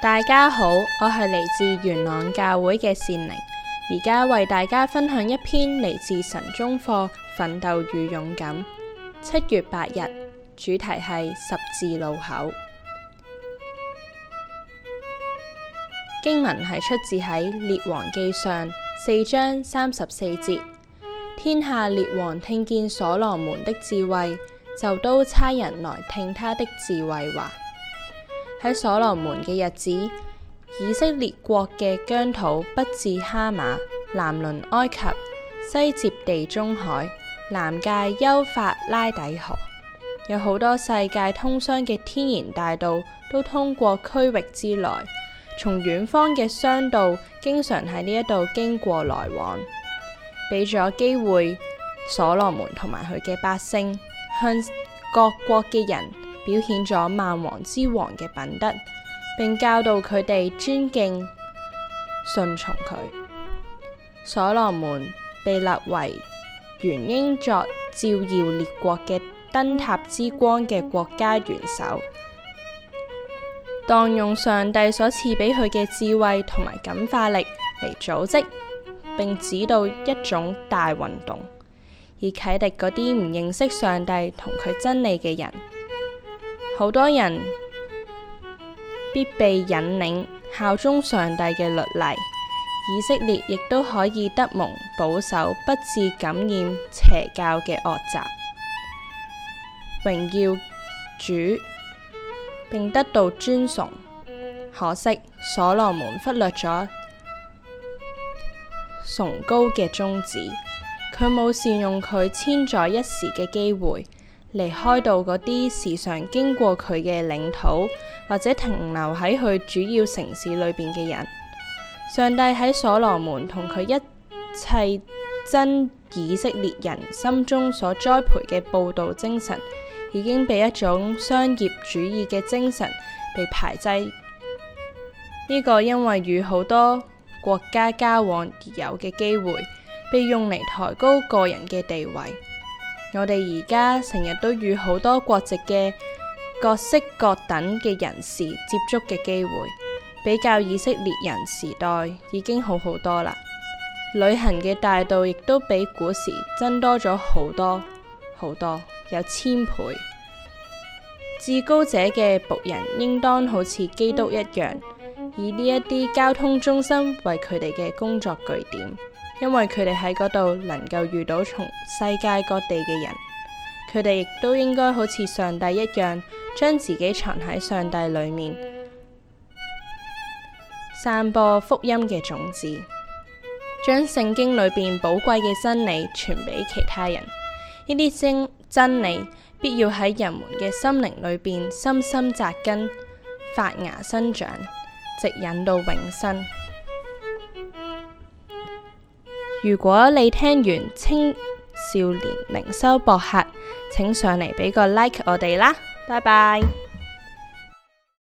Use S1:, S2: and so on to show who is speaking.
S1: 大家好，我係嚟自元朗教會嘅善寧，而家為大家分享一篇嚟自神中課《奮鬥與勇敢》，七月八日，主題係十字路口。經文係出自喺《列王記上》四章三十四節，天下列王聽見所羅門的智慧，就都差人來聽他的智慧話。喺所羅門嘅日子，以色列國嘅疆土不至哈馬、南鄰埃及、西接地中海、南界幼法拉底河，有好多世界通商嘅天然大道都通過區域之內，從遠方嘅商道經常喺呢一度經過來往，俾咗機會所羅門同埋佢嘅百姓向各國嘅人。表現咗萬王之王嘅品德，並教導佢哋尊敬、順從佢。所羅門被立為元英作照耀列國嘅燈塔之光嘅國家元首，當用上帝所賜俾佢嘅智慧同埋感化力嚟組織並指導一種大運動，而啟迪嗰啲唔認識上帝同佢真理嘅人。好多人必被引領效忠上帝嘅律例，以色列亦都可以得蒙保守，不致感染邪教嘅惡習，榮耀主並得到尊崇。可惜所羅門忽略咗崇高嘅宗旨，佢冇善用佢千載一時嘅機會。離開到嗰啲時常經過佢嘅領土，或者停留喺佢主要城市裏邊嘅人，上帝喺所羅門同佢一切真以色列人心中所栽培嘅報道精神，已經被一種商業主義嘅精神被排擠。呢、這個因為與好多國家交往而有嘅機會，被用嚟抬高個人嘅地位。我哋而家成日都遇好多國籍嘅各式各等嘅人士接觸嘅機會，比較以色列人時代已經好好多啦。旅行嘅大道亦都比古時增多咗好多好多，有千倍。至高者嘅僕人應當好似基督一樣，以呢一啲交通中心為佢哋嘅工作據點。因為佢哋喺嗰度能夠遇到從世界各地嘅人，佢哋亦都應該好似上帝一樣，將自己藏喺上帝裏面，散播福音嘅種子，將聖經裏邊寶貴嘅真理傳俾其他人。呢啲真真理必要喺人們嘅心靈裏邊深深扎根、發芽生長，直引到永生。如果你聽完青少年靈修博客，請上嚟俾個 like 我哋啦，拜拜。